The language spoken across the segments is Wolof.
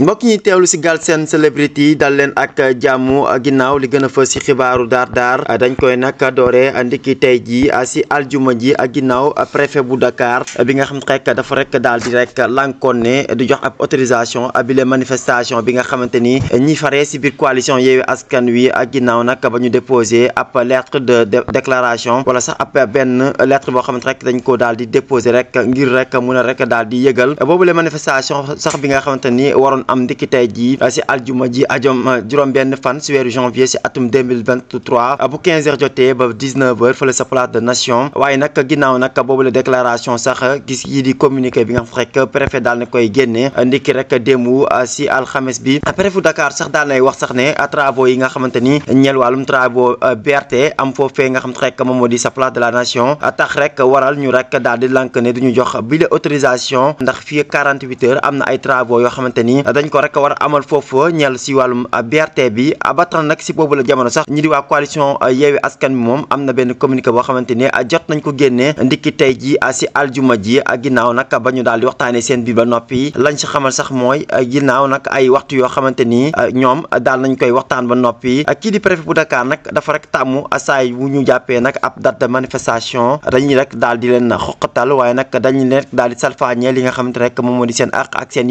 mbokk ñi teewlu si Galsen Celebrity dal leen ak jàmm ginnaaw li gën a fës si xibaaru daar daar dañ koy nag doore ndiki tey jii si aljuma ji ak ginnaaw préfet bu Dakar bi nga xam rek dafa rek daal di rek lankoon ne du jox ab autorisation bile manifestation bi nga xamante ni ñi faree si biir coalition Yewwi Askan Wi ak ginnaaw nag ba ñu déposé ab lettre de déclaration wala sax ab benn lettre boo xamante rek dañ ko daal di déposé rek ngir rek mun rek daal di yëgal am ndiki tey jii ah, si aljuma ji ajom ah, juróom-benn fan si weeru janvier si atum 2023 ah, bu 15 heures jotee ba 19 heures fële sa place de nation waaye nag ginnaaw nag boobu la déclaration sax gis yi di communiqué bi nga xam rek préfet daal na koy génne ndiki rek démb si alxames bi préfet Dakar sax dal nay wax sax ne travaux yi nga xamante ni ñeel wàllum travaux BRT am foofee nga xam rek moom moo di sa place de la nation tax rek waral ñu rek daal di lank ne duñu jox bi autorisation ndax fii 48 heures am na ay dañ ko rek war a amal foofu ñeel si wàllum BRT bi ba tax nag si boobu la jamono sax ñi di waa coalition euh, yeewi askan bi moom am na benn communiqué boo xamante ne euh, jot nañ ko génnee ndikki tey ji euh, si aljuma ji ginnaaw nag ba ñu daal di waxtaanee seen bi ba noppi lañ si xamal sax mooy ginnaaw nag ay waxtu yoo xamante ni ñoom daal nañ koy waxtaan ba noppi kii di préfet bu Dakar nag dafa rek tàmmu saay wu ñu jàppee nag ab date manifestation dañuy rek daal di leen xoqatal waaye nag dañu leen daal di salfaañee li nga xamante rek moom moo di seen àq ak seen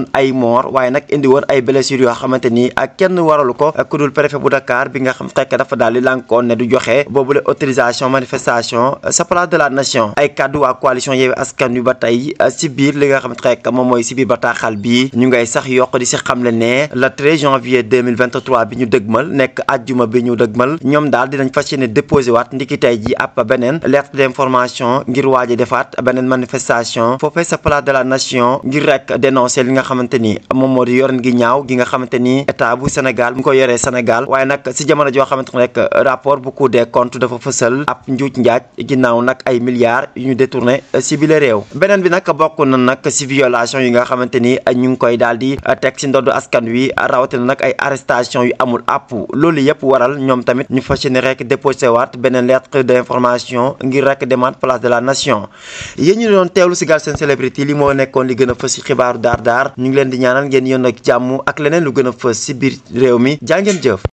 woon ay moor waaye nag indi woon ay blessures yoo xamante ni ak kenn waralu ko ku dul préfet bu Dakar bi nga xam fekk dafa daal di lànkoon ne du joxe boobule autorisation manifestation sa place de la nation ay kàddu coalition Yewwi Askan Wi ba tey si biir li nga xam fekk moom mooy si bataaxal bi ñu ngay sax yokk di si xamle ne le janvier bi ñu dëgmal nekk ajjuma bi ñu dëgmal ñoom daal dinañ fas yéene déposé waat ndiki ji ab beneen beneen manifestation nga moom moo di yoren gi ñaaw gi nga xamante ni état bu Sénégal mu ko yoree Sénégal waaye nag si jamono joo xamante ne rek rapport bu Cour des comptes dafa fësal ab njuuj njaaj ginnaaw nag ay milliards yu ñu détourné si bile réew beneen bi nag bokk na nag si violation yi nga xamante ni ñu ngi koy daal di teg si ndoddu askan wi rawatina nag ay arrestation yu amul àpp loolu yëpp waral ñoom tamit ñu fas yéene rek déposé waat beneen lettre d'information ngir rek demaat place de la nation ñu ngi leen di ñaanal ngeen yoon ak jàmm ak leneen lu gën a fës si biir réew mi jaa ngeen jëf